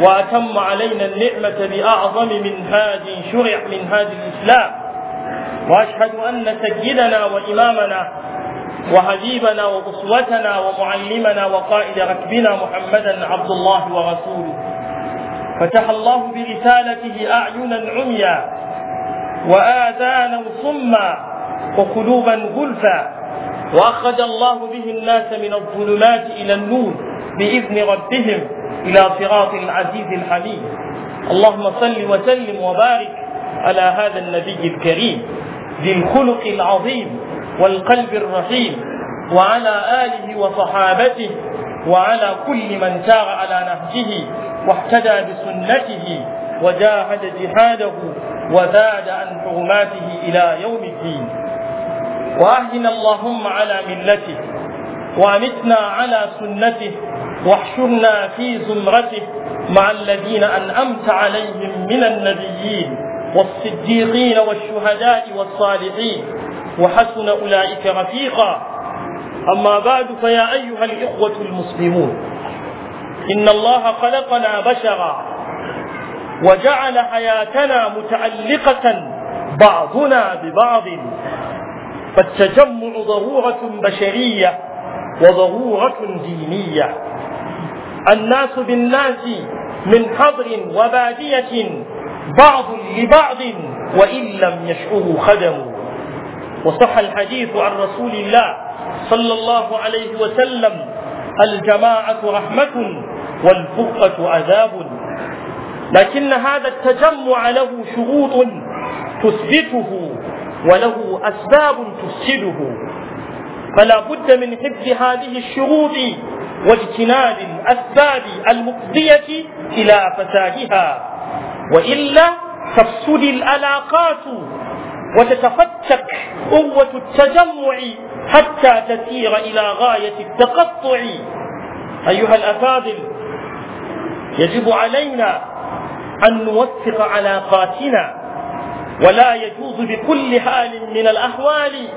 وأتم علينا النعمة بأعظم منهاج شرع منهاج الإسلام وأشهد أن سيدنا وإمامنا وحبيبنا وأسوتنا ومعلمنا وقائد ركبنا محمدا عبد الله ورسوله فتح الله برسالته أعينا عميا وآذانا صما وقلوبا غلفا وأخرج الله به الناس من الظلمات إلى النور بإذن ربهم إلى صراط العزيز الحميد اللهم صل وسلم وبارك على هذا النبي الكريم ذي الخلق العظيم والقلب الرحيم وعلى آله وصحابته وعلى كل من سار على نهجه واهتدى بسنته وجاهد جهاده وزاد عن حرماته إلى يوم الدين واهدنا اللهم على ملته وأمتنا على سنته واحشرنا في زمرته مع الذين أنعمت عليهم من النبيين والصديقين والشهداء والصالحين وحسن أولئك رفيقا أما بعد فيا أيها الإخوة المسلمون إن الله خلقنا بشرا وجعل حياتنا متعلقة بعضنا ببعض فالتجمع ضرورة بشرية وضرورة دينية الناس بالناس من حضر وبادية بعض لبعض وإن لم يشعروا خدموا وصح الحديث عن رسول الله صلى الله عليه وسلم الجماعة رحمة والفرقة عذاب لكن هذا التجمع له شروط تثبته وله أسباب تفسده فلا بد من حفظ هذه الشروط واجتناب الأسباب المفضية إلى فسادها وإلا تفسد العلاقات وتتفتك قوة التجمع حتى تسير إلى غاية التقطع أيها الأفاضل يجب علينا أن نوثق علاقاتنا ولا يجوز بكل حال من الأحوال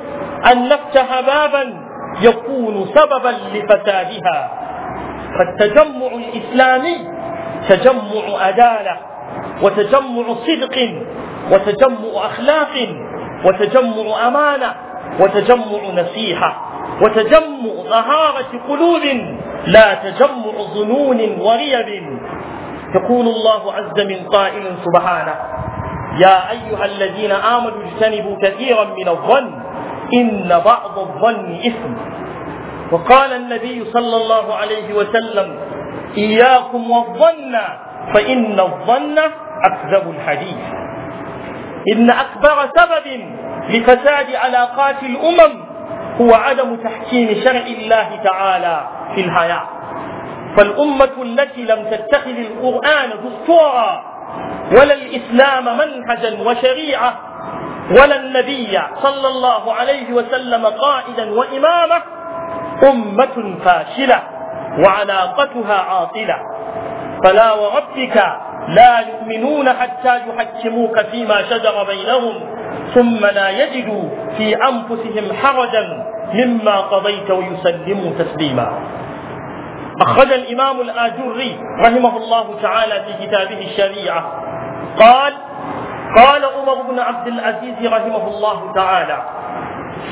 أن نفتح بابا يكون سببا لفسادها فالتجمع الإسلامي تجمع عدالة وتجمع صدق وتجمع أخلاق وتجمع أمانة وتجمع نصيحة وتجمع طهارة قلوب لا تجمع ظنون وريب يقول الله عز من قائل سبحانه يا أيها الذين آمنوا اجتنبوا كثيرا من الظن إن بعض الظن إثم وقال النبي صلى الله عليه وسلم إياكم والظن فإن الظن أكذب الحديث إن أكبر سبب لفساد علاقات الأمم هو عدم تحكيم شرع الله تعالى في الحياة فالأمة التي لم تتخذ القرآن دستورا ولا الإسلام منهجا وشريعة ولا النبي صلى الله عليه وسلم قائدا وإماما أمة فاشلة وعلاقتها عاطلة فلا وربك لا يؤمنون حتى يحكموك فيما شجر بينهم ثم لا يجدوا في أنفسهم حرجا مما قضيت ويسلموا تسليما أخرج الإمام الآجري رحمه الله تعالى في كتابه الشريعة قال قال عمر بن عبد العزيز رحمه الله تعالى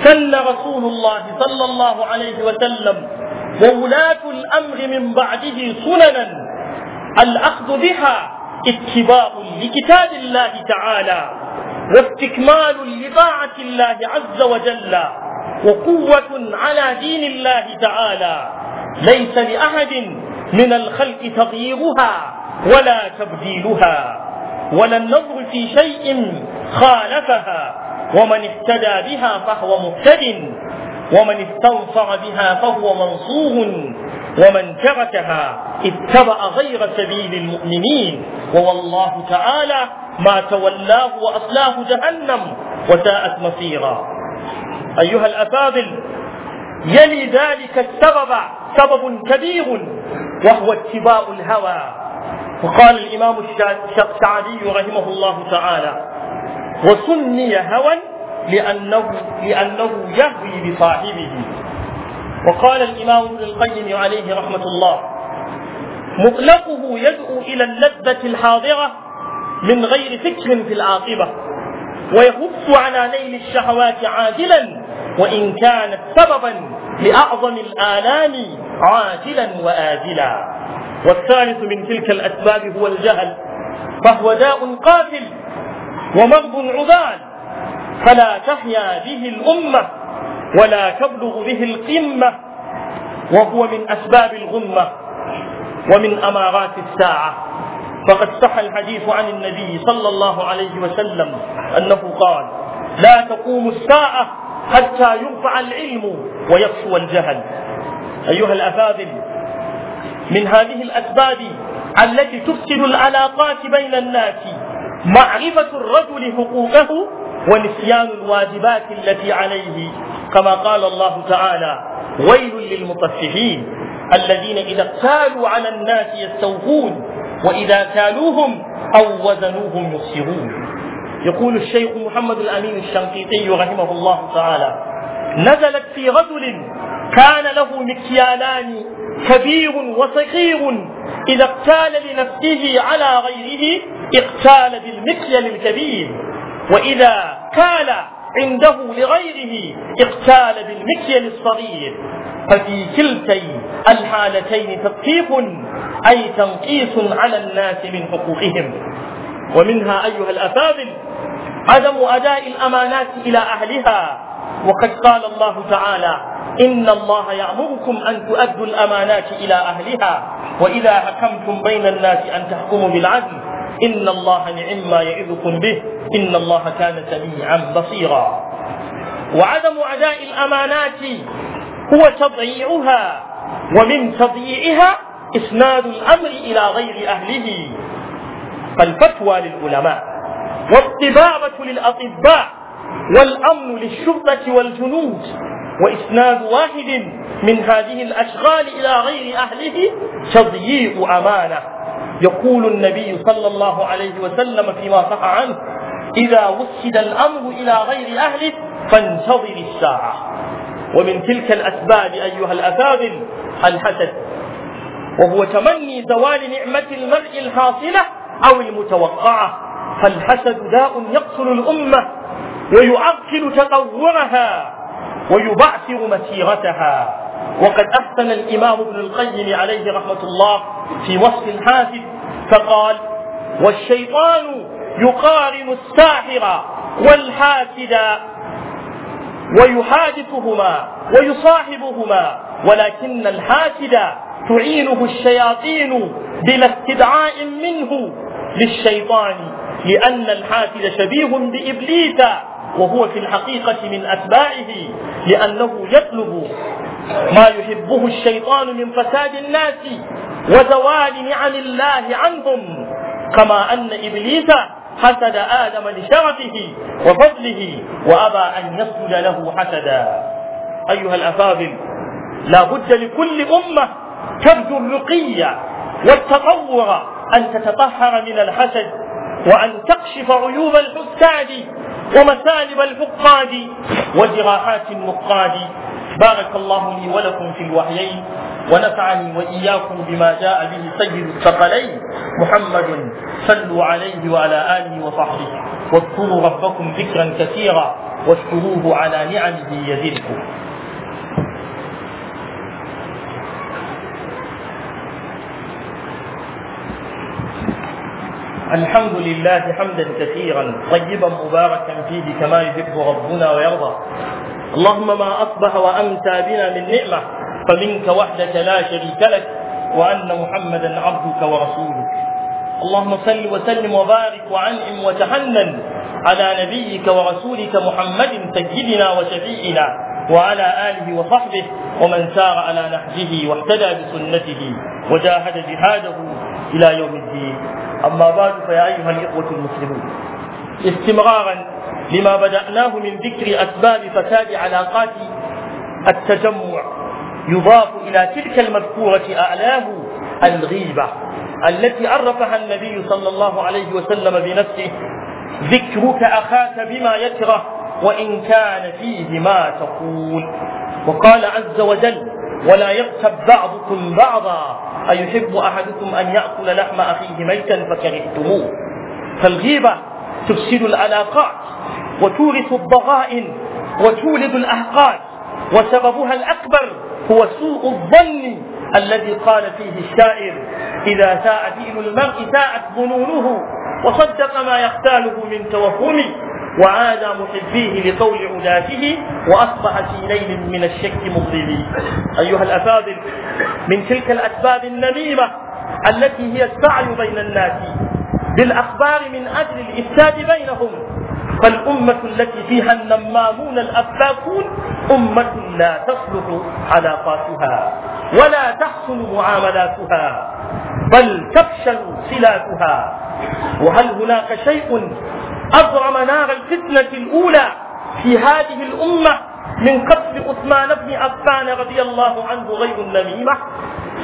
سل رسول الله صلى الله عليه وسلم وولاة الأمر من بعده سننا الأخذ بها اتباع لكتاب الله تعالى واستكمال لطاعة الله عز وجل وقوة على دين الله تعالى ليس لأحد من الخلق تغييرها ولا تبديلها ولا النظر في شيء خالفها ومن اهتدى بها فهو مهتد ومن استوصع بها فهو منصور ومن تركها اتبع غير سبيل المؤمنين ووالله تعالى ما تولاه وأصلاه جهنم وساءت مصيرا أيها الأفاضل يلي ذلك السبب سبب كبير وهو اتباع الهوى وقال الإمام الشعبي رحمه الله تعالى وسمي هوى لأنه, لأنه يهوي بصاحبه وقال الإمام ابن القيم عليه رحمة الله مطلقه يدعو إلى اللذة الحاضرة من غير فكر في العاقبة ويخف على نيل الشهوات عاجلا وإن كانت سببا لأعظم الآلام عاجلا وآجلا والثالث من تلك الأسباب هو الجهل فهو داء قاتل ومرض عضال فلا تحيا به الأمة ولا تبلغ به القمة وهو من أسباب الغمة ومن أمارات الساعة فقد صح الحديث عن النبي صلى الله عليه وسلم أنه قال لا تقوم الساعة حتى يرفع العلم ويقسو الجهل أيها الأفاضل من هذه الأسباب التي تفسد العلاقات بين الناس معرفة الرجل حقوقه ونسيان الواجبات التي عليه كما قال الله تعالى ويل للمطففين الذين إذا اقتالوا على الناس يستوفون وإذا كالوهم أو وزنوهم يخسرون يقول الشيخ محمد الأمين الشنقيطي رحمه الله تعالى نزلت في رجل كان له مكيالان كبير وصغير إذا اقتال لنفسه على غيره اقتال بالمثل الكبير وإذا كال عنده لغيره اقتال بالمثل الصغير ففي كلتي الحالتين تطبيق أي تنقيص على الناس من حقوقهم ومنها أيها الأفاضل عدم أداء الأمانات إلى أهلها وقد قال الله تعالى إن الله يأمركم أن تؤدوا الأمانات إلى أهلها وإذا حكمتم بين الناس أن تحكموا بالعدل إن الله نعم ما يعظكم به إن الله كان سميعا بصيرا وعدم أداء الأمانات هو تضييعها ومن تضييعها إسناد الأمر إلى غير أهله فالفتوى للعلماء والطبابة للأطباء والأمن للشرطة والجنود وإسناد واحد من هذه الأشغال إلى غير أهله تضييع أمانة يقول النبي صلى الله عليه وسلم فيما صح عنه إذا وسد الأمر إلى غير أهله فانتظر الساعة ومن تلك الأسباب أيها الأفاضل الحسد وهو تمني زوال نعمة المرء الحاصلة أو المتوقعة فالحسد داء يقتل الأمة ويعقل تطورها ويبعثر مسيرتها وقد أحسن الإمام ابن القيم عليه رحمة الله في وصف الحافظ فقال والشيطان يقارن الساحر والحاسد ويحادثهما ويصاحبهما ولكن الحاسد تعينه الشياطين بلا استدعاء منه للشيطان لأن الحاسد شبيه بإبليس وهو في الحقيقة من أتباعه لأنه يطلب ما يحبه الشيطان من فساد الناس وزوال نعم الله عنهم كما أن إبليس حسد آدم لشرفه وفضله وأبى أن يسجد له حسدا أيها الأفاضل لا بد لكل أمة تبدو الرقي والتطور أن تتطهر من الحسد وأن تكشف عيوب الحساد ومسالب الحقاد وجراحات النقاد بارك الله لي ولكم في الوحيين ونفعني وإياكم بما جاء به سيد الثقلين محمد صلوا عليه وعلى آله وصحبه واذكروا ربكم ذكرا كثيرا واشكروه على نعمه يزدكم الحمد لله حمدا كثيرا طيبا مباركا فيه كما يحب ربنا ويرضى اللهم ما أصبح وامتى بنا من نعمة فمنك وحدك لا شريك لك وأن محمدا عبدك ورسولك اللهم صل وسلم وبارك وعنهم وتحنن على نبيك ورسولك محمد سيدنا وشفيئنا وعلى آله وصحبه ومن سار على نهجه واهتدى بسنته وجاهد جهاده إلى يوم الدين أما بعد فيا أيها الإخوة المسلمون استمرارا لما بدأناه من ذكر أسباب فساد علاقات التجمع يضاف إلى تلك المذكورة أعلاه الغيبة التي عرفها النبي صلى الله عليه وسلم بنفسه ذكرك أخاك بما يكره وإن كان فيه ما تقول وقال عز وجل ولا يغتب بعضكم بعضا أيحب أحدكم أن يأكل لحم أخيه ميتا فكرهتموه فالغيبة تفسد العلاقات وتورث الضغائن وتولد الأحقاد وسببها الأكبر هو سوء الظن الذي قال فيه الشاعر إذا ساء دين المرء ساءت ظنونه وصدق ما يختاله من توهم وعاد محبيه لقول عداته وأصبح في ليل من الشك مظلمي أيها الأفاضل من تلك الأسباب النميمة التي هي السعي بين الناس بالأخبار من أجل الإفساد بينهم فالأمة التي فيها النمامون الأفاكون أمة لا تصلح علاقاتها ولا تحسن معاملاتها بل تفشل صلاتها وهل هناك شيء أضرم نار الفتنة الأولى في هذه الأمة من قتل عثمان بن عفان رضي الله عنه غير النميمة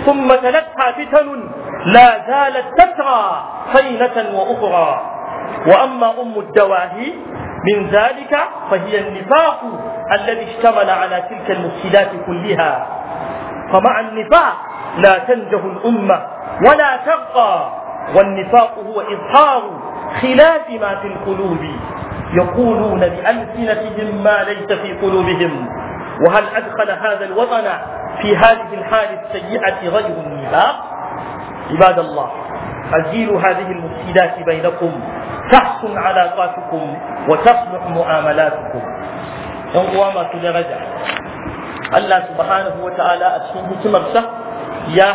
ثم تلتها فتن لا زالت تترى فينة وأخرى وأما أم الدواهي من ذلك فهي النفاق الذي اشتمل على تلك المفسدات كلها فمع النفاق لا تنجه الأمة ولا تبقى والنفاق هو إظهار خلاف ما في القلوب يقولون بألسنتهم ما ليس في قلوبهم وهل أدخل هذا الوطن في هذه الحال السيئة غير النفاق عباد الله أزيلوا هذه المفسدات بينكم تحسن علاقاتكم وتصلح معاملاتكم يوم ما درجة Allah subhanahu wa ta'ala a cikin hikimarsa ya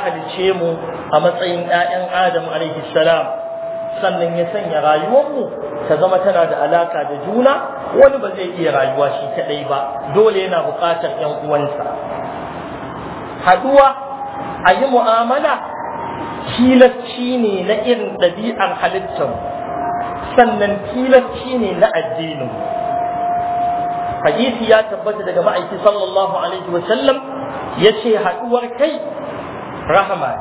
آدم عليه السلام sannan ya sanya rayuwarmu ta zama tana da alaka da juna wani ba zai iya rayuwa shi kadai ba dole yana buƙatar yan uwansa haduwa a yi mu'amala tilacci ne na irin ɗabi'ar halittar sannan tilacci ne na addinin hadisi ya tabbata daga ma'aiki sallallahu alaihi wasallam ya ce haɗuwar kai rahama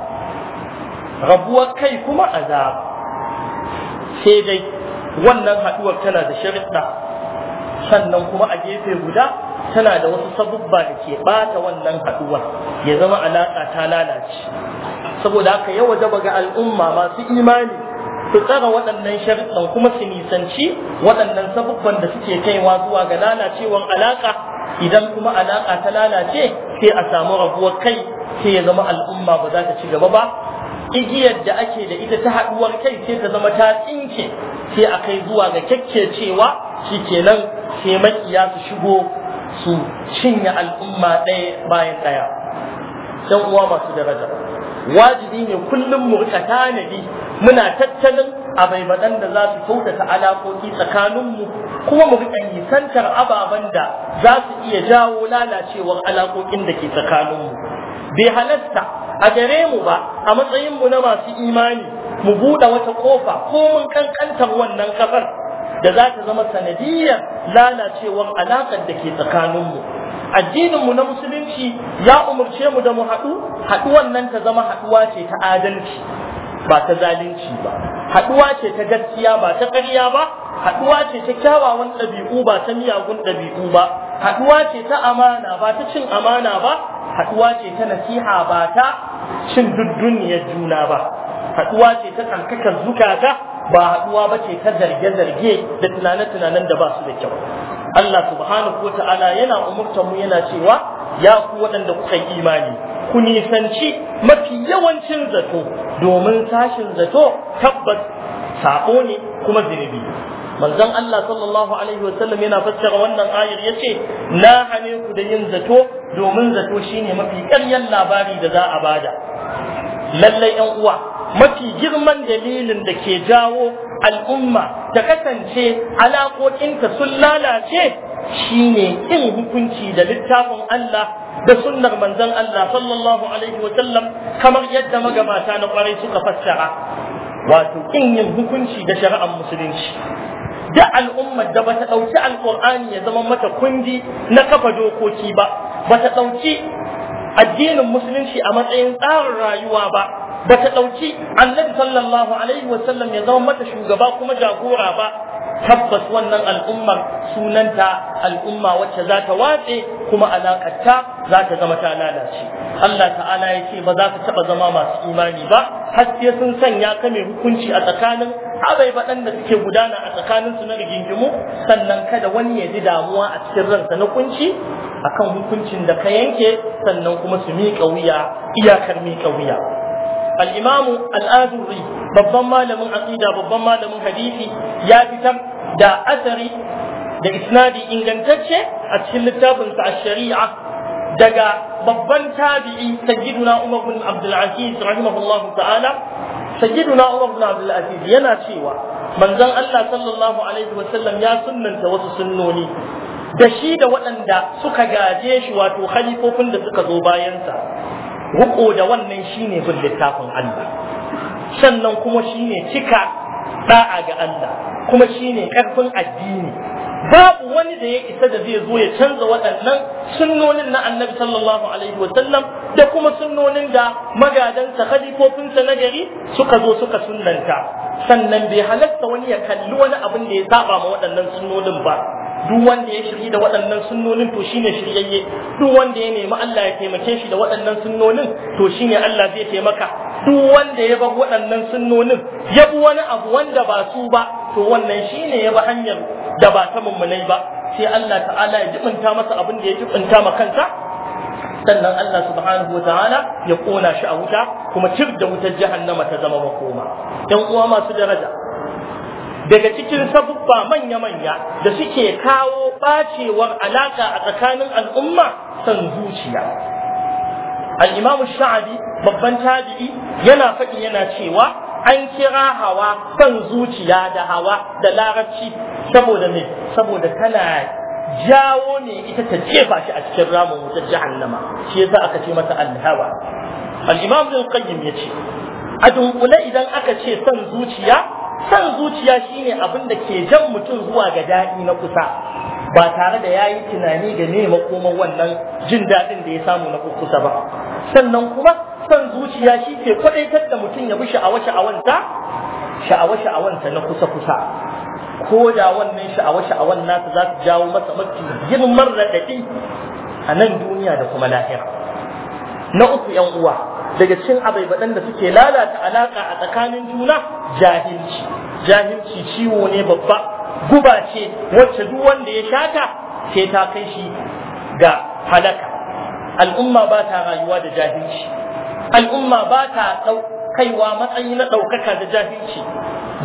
rabuwar kai kuma azab sai dai wannan haɗuwar tana da sharuɗa sannan kuma a gefe guda tana da wasu sabubba da ke ɓata wannan haɗuwar ya zama alaƙa ta lalace saboda haka yau wajaba ga al'umma masu imani su tsara waɗannan sharuɗan kuma su nisanci waɗannan sabubban da suke kaiwa zuwa ga lalacewar alaƙa idan kuma alaƙa ta lalace sai a samu rabuwar kai sai ya zama al'umma ba za ta ci gaba ba igiyar da ake da ita ta haɗuwar kai sai ta zama ta tsinke sai a kai zuwa ga kyakkyacewa shi kenan sai makiya su shigo su cinye al'umma ɗaya bayan ɗaya dan uwa masu daraja wajibi ne kullum mu rika tanadi muna tattalin abaibaɗan da za su kyautata alaƙoƙi tsakaninmu kuma mu rika nisantar ababen da za su iya jawo lalacewar alaƙoƙin da ke tsakaninmu bai halatta a gare mu ba a matsayin mu na masu imani mu buɗe wata kofa ko mun kankantar wannan kafar da za ta zama sanadiyar lalacewar alaƙar da ke tsakanin mu. addininmu na musulunci ya umarce mu da mu haɗu haɗuwan nan ta zama haɗuwa ce ta adalci ba ta zalunci ba haɗuwa ce ta gaskiya ba ta ƙarya ba haɗuwa ce ta kyawawan ɗabi'u ba ta miyagun ɗabi'u ba haɗuwa ce ta amana ba ta cin amana ba haɗuwa ce ta nasiha ba ta cin dudduniyar juna ba Haduwa ce ta tsarkakar zukata ba haduwa ba ce ta zarge-zarge da tunane-tunanen da ba su da kyau Allah subhanahu wata'ala yana umurtar mu yana cewa ya ku waɗanda kuka yi imani ku nisanci mafi yawancin zato domin sashin zato tabbas sako ne kuma zinubi manzon Allah sallallahu alaihi wasallam yana fassara wannan ayar yace na hane ku da yin zato domin zato shine mafi ƙaryan labari da za a bada lallai yan uwa mafi girman dalilin da ke jawo al'umma ta kasance alaƙoƙinta sun lalace shine kin hukunci da littafin Allah da sunnar manzon Allah sallallahu alaihi wasallam kamar yadda magabata na kwarai suka fassara wato kin yin hukunci da shari'ar musulunci duk al'ummar da bata ɗauki alƙur'ani ya zama mata kundi na kafa dokoki ba bata ɗauki addinin musulunci a matsayin tsarin rayuwa ba bata ɗauki annabi sallallahu alaihi wasallam ya zama mata shugaba kuma jagora ba tabbas wannan al'ummar sunanta al'umma wacce za ta watse kuma alaƙarta za ta zama ta lalace Allah ta'ala ya ce ba za ka taɓa zama masu imani ba har sai sun sanya ka mai hukunci a tsakanin abai baɗan da suke gudana a tsakanin su na rigingimu sannan kada wani ya ji damuwa a cikin ransa na kunci akan hukuncin da ka yanke sannan kuma su miƙa wuya iyakar miƙa wuya al-imamu al babban malamin aqida babban malamin hadisi ya fitar da asari da isnadi ingantacce a cikin littafinsa a sharia daga babban tabi'i sayyiduna umar bin abdul rahimahullahu ta'ala sayyiduna umar bin abdul yana cewa manzon Allah sallallahu alaihi ya sunnanta wasu sunnoni da shi da waɗanda suka gaje shi wato khalifofin da suka zo bayansa riko da wannan shine bin littafin Allah sannan kuma shine cika da'a ga Allah kuma shine karfin addini babu wani da ya isa da zai zo ya canza waɗannan sunnonin na annabi sallallahu alaihi wa sallam da kuma sunnonin da magadansa khalifofinsa na gari suka zo suka sunnanta sannan bai halatta wani ya kalli wani abin da ya saba ma waɗannan sunnonin ba duk wanda ya shiri da waɗannan sunnonin to shine shiryayye duk wanda ya nemi Allah ya taimake shi da waɗannan sunnonin to shine Allah zai taimaka duk wanda ya bar waɗannan sunnonin ya bi wani abu wanda ba su ba to wannan shine ya bi hanyar da ba ta mummunai ba sai Allah ta'ala ya jibinta masa abin da ya jibinta ma kansa sannan Allah subhanahu ta'ala ya kona shi a wuta kuma cif da wutar jahannama ta zama makoma Yan uwa masu daraja daga cikin sabubba manya-manya da suke kawo ɓacewar alaka a tsakanin al'umma san zuciya al'imam sha'adi babban tabi'i yana faɗi yana cewa an kira hawa san zuciya da hawa da larabci saboda me saboda tana jawo ne ita ta jefa shi a cikin ramin wutar jahannama shi yasa aka ce mata al-hawa al-imam qayyim yace a dunkule idan aka ce son zuciya son zuciya shine abin da ke jan mutum zuwa ga daɗi na kusa ba tare da yayi tunani ga ne makoman wannan jin daɗin da ya samu na kusa ba sannan kuma son zuciya shi ke kwadaitar da mutum ya bi sha'awa-sha'awanta sha'awa-sha'awanta na kusa-kusa ko da wannan sha'awa-sha'awan nasa za su jawo masa mafi girman raɗaɗi a nan duniya da kuma lahira na uku yan uwa daga cin abai da suke lalata alaƙa a tsakanin juna jahilci jahilci ciwo ne babba guba ce wacce duk wanda ya shata ke ta kai shi ga halaka al'umma ba ta rayuwa da jahilci al'umma ba ta kaiwa matsayi na ɗaukaka da jahilci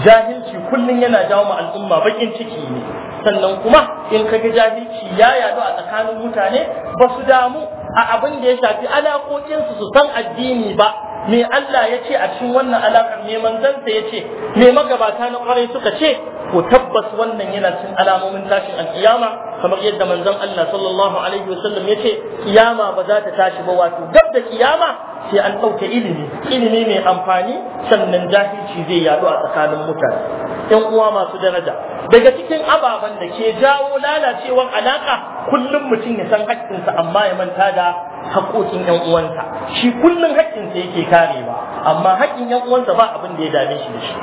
jahilci kullum yana jawo ma al'umma baƙin ciki ne sannan kuma in ka ga jahilci ya yadu a tsakanin mutane ba su damu a abin da ya shafi alaƙoƙinsu su san addini ba me Allah ya ce a cikin wannan alaƙar me manzansa ya ce me magabata na ƙwarai suka ce ko tabbas wannan yana cikin alamomin tashin alƙiyama kamar yadda manzon Allah sallallahu alaihi wasallam ya ce kiyama ba za ta tashi ba wato gab da kiyama sai an ɗauke ilimi ilimi mai amfani sannan jahilci zai yadu a tsakanin mutane yan uwa masu daraja daga cikin ababen da ke jawo lalacewar alaka kullum mutum ya san haƙƙinsa amma ya manta da haƙƙoƙin yan uwansa shi kullum haƙƙinsa yake karewa amma haƙƙin yan uwansa ba abin da ya dame shi da shi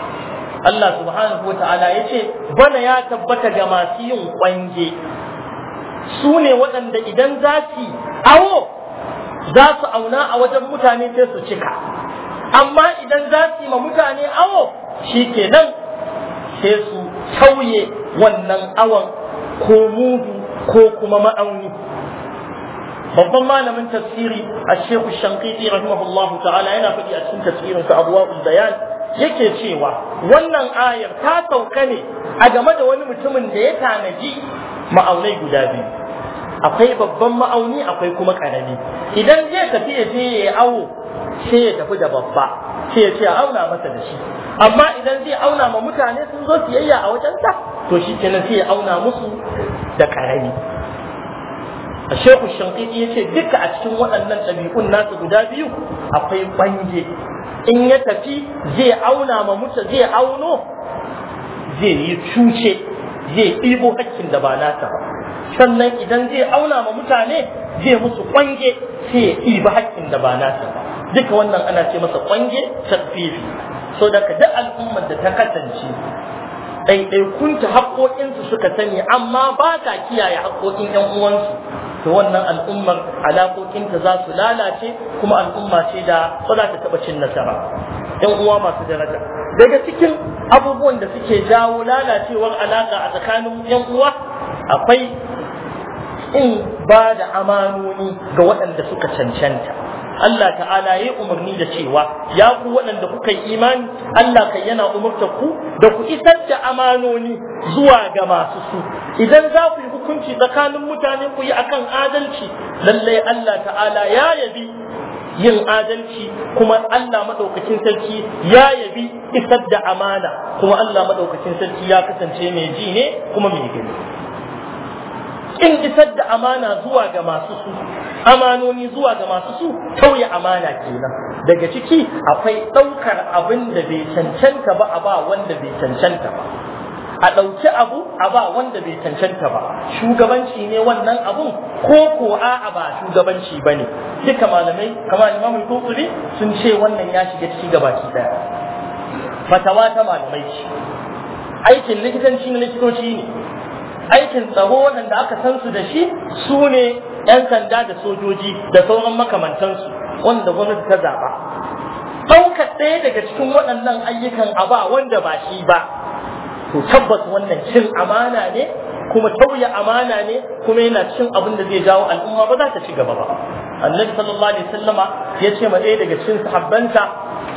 Allah subhanahu wata'ala ya ce bana ya tabbata ga masu yin kwange su ne waɗanda idan za su awo za su auna a wajen mutane sai su cika amma idan za su yi ma mutane awo shi kenan sai su sauye wannan awon ko mudu ko kuma ma'auni babban malamin tafsiri a shehu shankiti rahimahullahu ta'ala yana faɗi a cikin tafsirin sa abuwa bayan yake cewa wannan ayar ta sauka ne a game da wani mutumin da ya tanaji ma'aunai guda biyu akwai babban ma'auni akwai kuma karami idan zai tafi ya je ya awo sai ya tafi da babba sai ya ce a auna masa da shi amma idan zai auna ma mutane sun zo siyayya a wajen wajensa to shi kenan sai ya auna musu da karami a shehu shankiki ya ce duka a cikin waɗannan ɗabi'un nasu guda biyu akwai bange in ya tafi zai auna ma mutu zai auno zai yi cuce zai ɗibo hakkin da ba nasa ba sannan idan zai auna ma mutane zai musu kwange sai ya ɗiba haƙƙin da ba nasa ba duka wannan ana ce masa kwange tafifi. so da duk al'ummar da ta kasance ɗaiɗaikunta haƙoƙinsu suka sani amma ba ta kiyaye haƙoƙin 'yan uwansu to wannan al'ummar alaƙoƙinta za su lalace kuma al'umma ce da ba za ta taɓa cin nasara 'yan uwa masu daraja daga cikin abubuwan da suke jawo lalacewar alaƙa a tsakanin 'yan uwa akwai in ba da amanoni ga waɗanda suka cancanta Allah ta'ala ya umarni da cewa ya ku waɗanda kuka yi imani Allah kai yana umarta ku da ku isar da amanoni zuwa ga masu su idan za ku yi hukunci tsakanin mutane ku yi akan adalci lallai Allah ta'ala ya yabi yin adalci kuma Allah maɗaukacin sarki ya yabi isar da amana kuma Allah maɗaukacin sarki ya kasance mai ji ne kuma mai gani in isar da amana zuwa ga masu su amanoni zuwa ga masu su tauye amana kenan daga ciki akwai ɗaukar abin da bai cancanta ba a ba wanda bai cancanta ba a ɗauki abu a ba wanda bai cancanta ba shugabanci ne wannan abun ko ko a ba shugabanci ba ne duka malamai kamar imamul kokuri sun ce wannan ya shiga ciki ki daya fatawa ta malamai ce aikin likitanci na likitoci ne aikin tsaro waɗanda aka san su da shi su ne 'yan sanda da sojoji da sauran makamantansu wanda gwamnati ta zaɓa Ɗauka ɗaya daga cikin waɗannan ayyukan a ba wanda ba shi ba to tabbas wannan cin amana ne kuma tauya amana ne kuma yana cin abin da zai jawo al'umma ba za ta ci gaba ba annabi sallallahu alaihi wasallama ya ce ma ɗaya daga cikin sahabbanta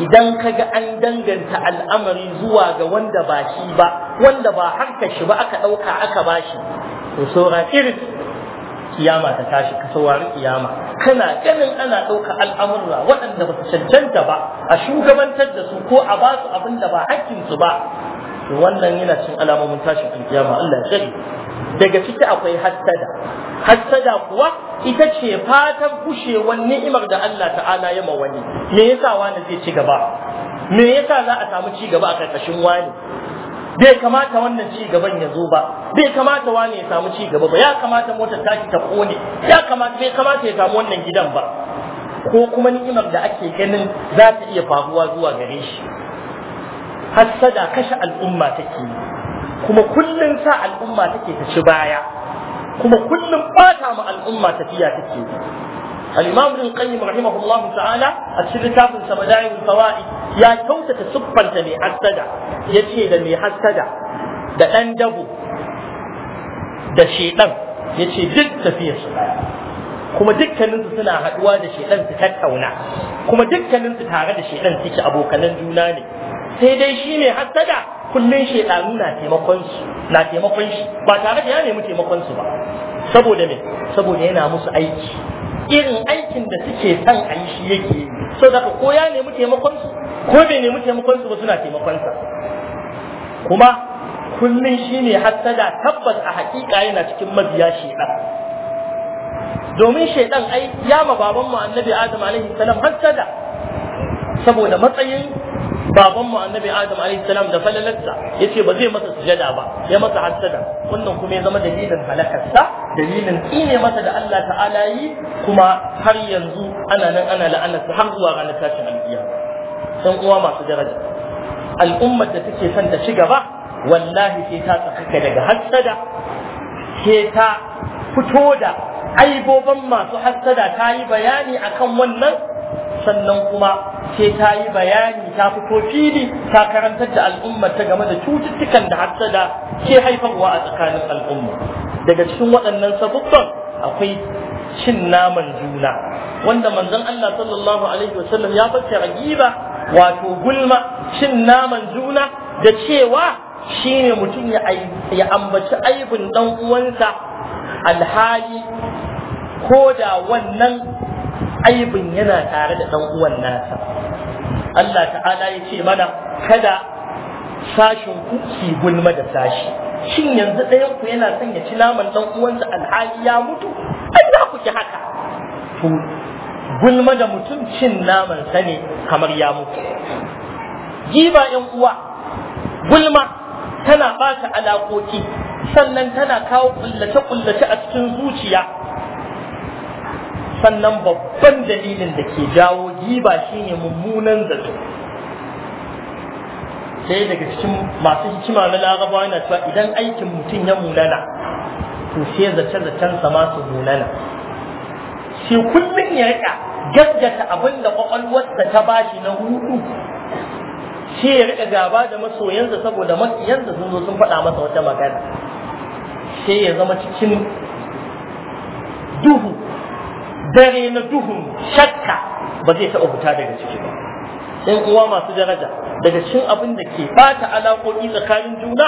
idan ka ga an danganta al'amari zuwa ga wanda ba shi ba wanda ba harka shi ba aka ɗauka aka bashi to saura irin kiyama ta tashi ka saurari kiyama kana ganin ana ɗauka al'amurra waɗanda ba su cancanta ba a shugabantar da su ko a ba su abin da ba hakkinsu su ba wannan yana cin alamomin tashin kiyama Allah ya shari daga ciki akwai hassada hassada kuwa ita ce fatan kushewar ni'imar da Allah ta'ala ya wani me yasa wani zai ci gaba me yasa za a samu ci gaba a karkashin wani bai kamata wannan ci gaban ya zo ba bai kamata wani ya samu ci gaba ba ya kamata motar taki ta kone ya kamata bai kamata ya samu wannan gidan ba ko kuma ni'imar da ake ganin za ta iya faruwa zuwa gare shi hassada kashe al'umma take yi kuma kullum sa al'umma take ta ci baya kuma kullum bata ma al'umma tafiya take al-imam ibn qayyim rahimahullah ta'ala a cikin littafin sa badaiul fawaid ya kyautata siffanta mai hasada yace da mai hasada da dan dabo da shedan yace duk tafiyar su daya kuma dukkaninsu suna haɗuwa da shedan su tattauna kuma dukkaninsu tare da shedan suke abokanan juna ne sai dai shi ne hasada kullun shedanu na taimakon su na taimakon shi ba tare da ya nemi taimakon su ba saboda me saboda yana musu aiki irin aikin da suke son a yi shi yake yi saboda ko ya nemi taimakon su ko bai nemi taimakon su ba suna taimakon sa kuma kullun hatta hassada tabbas a hakika yana cikin mabiya shedan domin shaidan ai ya ma babanmu annabi adam alaihi salam hassada saboda matsayin babanmu annabi adam alayhi salam da falalarsa yace ba zai masa sujada ba ya masa hasada wannan kuma ya zama dalilin halakarsa dalilin tsine masa da Allah ta'ala yi kuma har yanzu ana nan ana la'anarsa har zuwa ranar tashin alkiyama dan uwa masu daraja al'ummar da take son ta ci gaba wallahi sai ta tsakaka daga hasada sai ta fito da aibobin masu hasada ta yi bayani akan wannan sannan kuma sai ta yi bayani ta fito fili ta karantar da al'ummar ta game da cututtukan da hassada ke haifarwa a tsakanin al'umma daga cikin waɗannan sabubban akwai cin naman juna wanda manzon Allah sallallahu alaihi wasallam ya fassara giba wato gulma cin naman juna da cewa shine mutum ya ambaci aibin dan uwansa alhali ko da wannan aibin yana tare da ɗan uwan nasa Allah ta'ala ya ce mana kada sashin ku ki gulma da sashi shin yanzu ɗayan ku yana son ya ci naman ɗan uwansa alhali ya mutu ai za ku ki haka to gulma da mutum cin naman sa ne kamar ya mutu giba yan uwa gulma tana ɓata alaƙoƙi sannan tana kawo ƙullace-ƙullace a cikin zuciya sannan babban dalilin da ke jawo giba shine mummunan zato sai daga cikin masu hikima na larabawa yana cewa idan aikin mutum ya munana to sai zace da sa su munana shi kullum ya rika gaggata abin da kwakwalwarsa ta bashi na hudu shi ya rika gaba da masoyansa saboda makiyansa sun zo sun faɗa masa wata magana sai ya zama cikin duhu dare na duhun shakka ba zai taɓa fita daga ciki ba ɗan uwa masu daraja daga cikin abin da ke bata alaƙoƙi tsakanin juna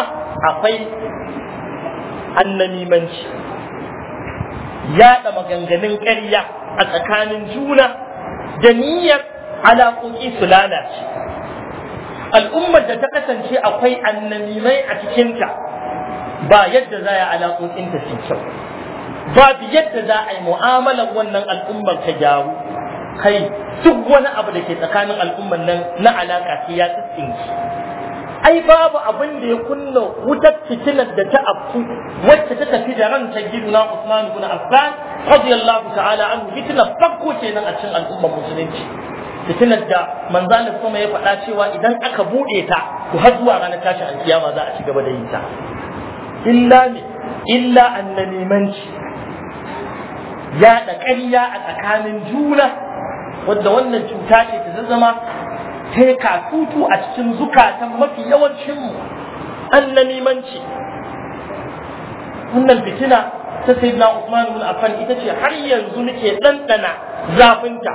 akwai annamimanci yaɗa maganganun ƙarya a tsakanin juna da niyyar alaƙoƙi su lalace al'ummar da ta kasance akwai annamimai a cikinta ba yadda za a alaƙoƙinta su kyau babu yadda za a yi mu'amalar wannan al'ummar ta gyaru kai duk wani abu da ke tsakanin al'ummar nan na alaka sai ya tsitsinki ai babu abin da ya kunna wutar fitinar da ta afku wacce ta tafi da ran ta giduna Usman ibn Affan radiyallahu ta'ala anhu fitinar farko kenan a cikin al'ummar musulunci fitinar da manzalin kuma ya faɗa cewa idan aka buɗe ta to har zuwa ranar tashin alkiyama za a ci gaba da yin ta illa ne illa annanimanci yaɗa ƙarya a tsakanin juna wadda wannan cuta ce ta zama ta kakutu a cikin zukatan mafi yawancinmu an na nimanci wannan fitina ta sai na Usman bin Affan ita ce har yanzu nake ɗanɗana zafinta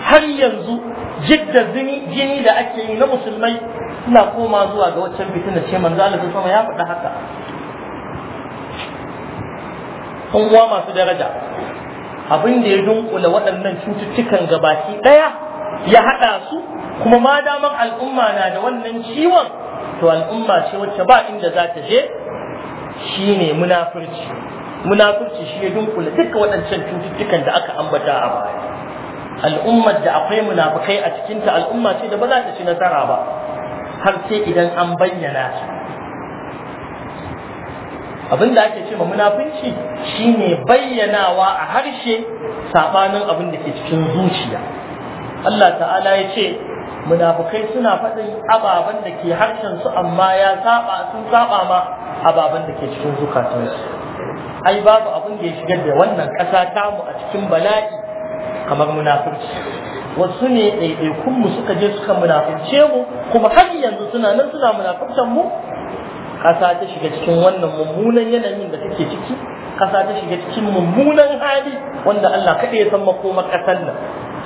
har yanzu jidda jini da ake yi na musulmai suna koma zuwa ga waccan fitina ce manzo Allah sama ya faɗa haka an uwa masu daraja abin da ya dunkula waɗannan cututtukan gabaki ɗaya ya haɗa su kuma ma daman al'umma na da wannan ciwon to al'umma ce wacce ba inda za ta je ne munafurci munafurci shi ya dunkula duka waɗancan cututtukan da aka ambata a baya al'ummar da akwai munafukai a cikinta al'umma ce da ba za ta ci nasara ba har sai idan an bayyana su abin da ake cewa munafunci shine bayyanawa a harshe sabanin abin da ke cikin zuciya Allah ta'ala ya ce munafukai suna faɗin ababen da ke harshen su amma ya saba sun saba ma ababen da ke cikin zukatansu ai babu abin da ya shigar da wannan ƙasa tamu a cikin bala'i kamar munafurci wasu ne ɗaiɗaikunmu suka je suka munafurce mu kuma har yanzu suna nan suna munafuncan mu ƙasa ta shiga cikin wannan mummunan yanayin da take ciki ƙasa ta shiga cikin mummunan hali wanda Allah kaɗai ya san makomar ƙasar nan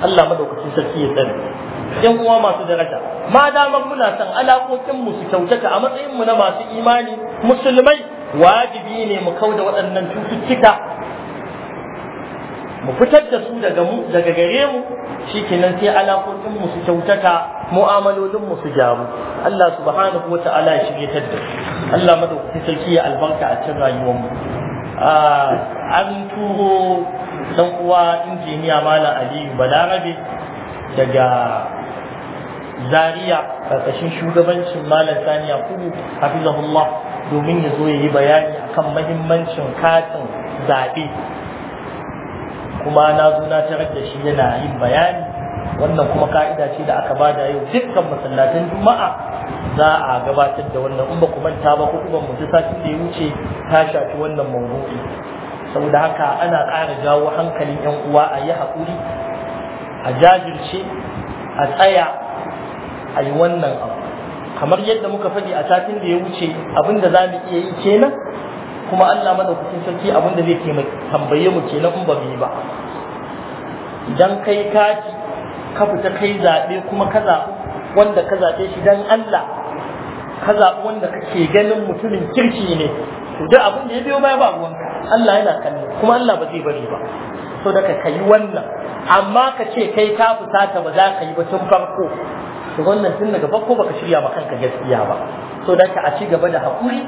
Allah madaukakin sarki ya sani yan uwa masu daraja ma dama muna san alaƙoƙin mu su kyautata a matsayin mu na masu imani musulmai wajibi ne mu kauda waɗannan cututtuka mu fitar da su daga mu daga gare mu shikenan sai alaƙoƙin mu su kyautata mu'amalolin mu su gyaru Allah subhanahu wa ta'ala ya shige ta da Allah madaukakin sarki ya albarka a cikin rayuwar mu ah, an turo dan uwa injiniya malam Aliyu Balarabe daga Zariya, karkashin shugabancin malam Sani Yakubu hafizahullah domin ya zo ya yi bayani akan mahimmancin katin zaɓe kuma na zo na tarar da shi yana yin bayani wannan kuma ka'ida ce da aka bada yau dukkan masallatan juma'a za a gabatar da wannan in ba ku manta ba ko kuma mu sati da ya wuce ta shafi wannan mawdu'i saboda haka ana ƙara jawo hankalin yan uwa a yi haƙuri a jajirce a tsaya a yi wannan abu kamar yadda muka faɗi a tafin da ya wuce abin da za mu iya yi kenan kuma Allah mana madaukakin sarki abin da zai tambaye mu kenan in ba mu yi ba idan kai kati ka fita kai zaɓe kuma ka zaɓi wanda ka zaɓe shi don Allah ka zaɓi wanda kake ganin mutumin kirki ne to duk abin da ya biyo baya ba ruwanka Allah yana kalli kuma Allah ba zai bari ba so da ka yi wannan amma ka ce kai ka fusata ba za ka yi ba tun farko to wannan tun daga farko baka shirya ba kanka gaskiya ba so da ka a ci gaba da hakuri.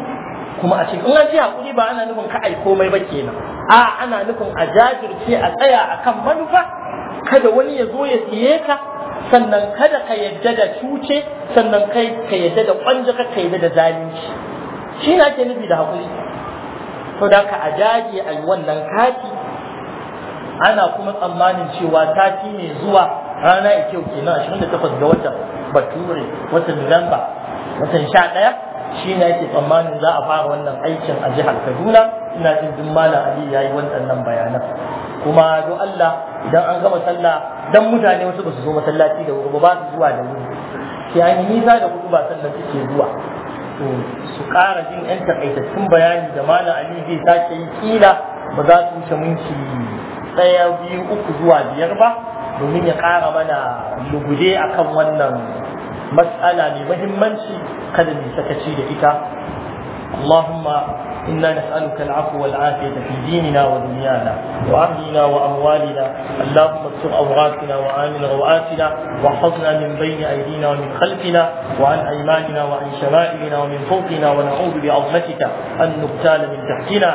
kuma a ce in an hakuri ba ana nufin ka ai komai ba kenan a ana nufin a jajirce a tsaya akan manufa kada wani ya zo ya siye ka sannan kada ka yadda da cuce sannan kai ka yadda da ƙwanja ka ka yadda da zalunci shi na ke nufi da hakuri to da ka a jaje a wannan kati ana kuma tsammanin cewa sati mai zuwa rana ita yau kenan 28 ga watan bature watan nuwamba watan ɗaya. shi ne ake tsammanin za a fara wannan aikin a jihar kaduna ina jin duk malam ali ya yi waɗannan bayanan kuma don allah idan an gama sallah dan mutane wasu ba su zo masallaci da wuri ba su zuwa da wuri sai an yi nisa da kudu ba sannan suke zuwa to su ƙara jin yan takaitattun bayani da malam ali zai sake yi kila ba za su wuce minti ɗaya biyu uku zuwa biyar ba domin ya ƙara mana lugude akan wannan mas'ala mai muhimmanci kada mu sakaci da ita Allahumma إنا نسألك العفو والعافية في ديننا ودنيانا وأهلنا وأموالنا اللهم استر أوغاتنا وآمن روآتنا واحفظنا من بين أيدينا ومن خلفنا وعن أيماننا وعن شمائلنا ومن فوقنا ونعوذ بعظمتك أن نقتال من تحتنا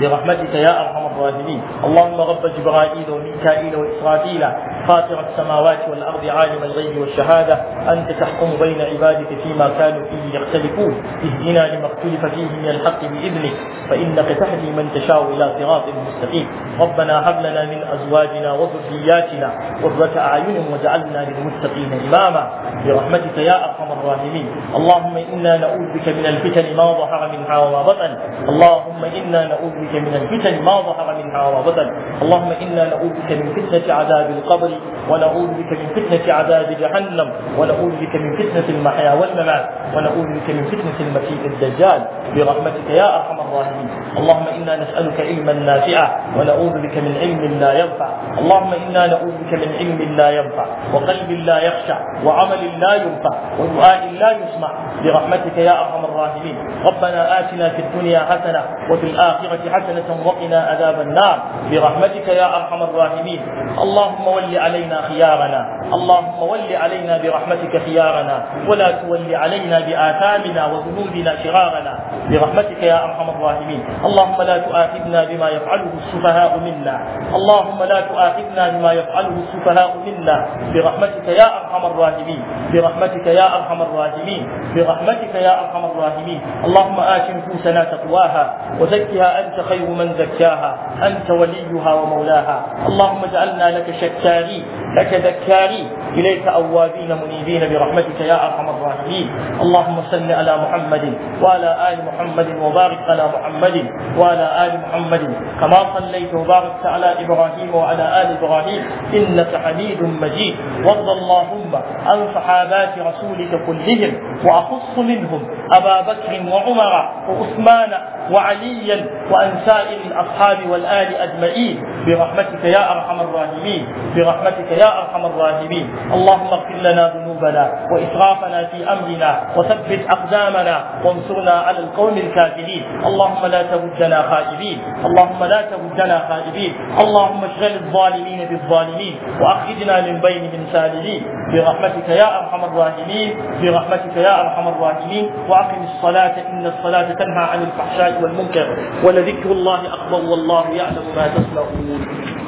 برحمتك يا أرحم الظالمين اللهم رب جبرائيل وميكائيل وإسرافيل فاطر السماوات والأرض عالم الغيب والشهادة أنت تحكم بين عبادك فيما كانوا فيه يختلفون اهدنا لما اختلف فيه من الحق بإذنك فإنك تهدي من تشاء إلى صراط مستقيم ربنا هب لنا من أزواجنا وذرياتنا قرة أعين واجعلنا للمتقين إماما برحمتك يا أرحم الراحمين اللهم إنا نعوذ بك من الفتن ما ظهر منها وما بطن اللهم إنا نعوذ بك من الفتن ما ظهر ظهر منها وما اللهم إنا نعوذ بك من فتنة عذاب القبر ونعوذ بك من فتنة عذاب جهنم ونعوذ بك من فتنة المحيا والممات ونعوذ بك من فتنة المسيح الدجال برحمتك يا أرحم الراحمين اللهم إنا نسألك علما نافعا ونعوذ بك من علم لا ينفع اللهم إنا نعوذ بك من علم لا ينفع وقلب لا يخشع وعمل لا ينفع ودعاء لا يسمع برحمتك يا أرحم الراحمين ربنا آتنا في الدنيا حسنة وفي الآخرة حسنة وقنا عذاب عذاب النار برحمتك يا ارحم الراحمين اللهم ول علينا خيارنا اللهم ول علينا برحمتك خيارنا ولا تول علينا باثامنا وذنوبنا شرارنا برحمتك يا ارحم الراحمين اللهم لا تؤاخذنا بما يفعله السفهاء منا اللهم لا تؤاخذنا بما يفعله السفهاء منا برحمتك يا ارحم الراحمين برحمتك يا ارحم الراحمين برحمتك يا ارحم الراحمين اللهم ات نفوسنا تقواها وزكها انت خير من زكاها أنت وليها ومولاها اللهم اجعلنا لك شكاري لك ذكاري إليك أوابين منيبين برحمتك يا أرحم الراحمين اللهم صل على محمد وعلى آل محمد وبارك على محمد وعلى آل محمد كما صليت وباركت على إبراهيم وعلى آل إبراهيم إنك حميد مجيد وارض اللهم عن صحابات رسولك كلهم وأخص منهم أبا بكر وعمر وعثمان وعليا وأن سائر الأصحاب والأصحاب والآل أجمعين برحمتك يا أرحم الراحمين برحمتك يا أرحم الراحمين اللهم اغفر لنا ذنوبنا وإسرافنا في أمرنا وثبت أقدامنا وانصرنا على القوم الكافرين اللهم لا تردنا خائبين اللهم لا تردنا خائبين اللهم اشغل الظالمين بالظالمين وأخرجنا من بينهم سالمين برحمتك يا أرحم الراحمين برحمتك يا أرحم الراحمين وأقم الصلاة إن الصلاة تنهى عن الفحشاء والمنكر ولذكر الله أكبر والله يعلم ما تصنعون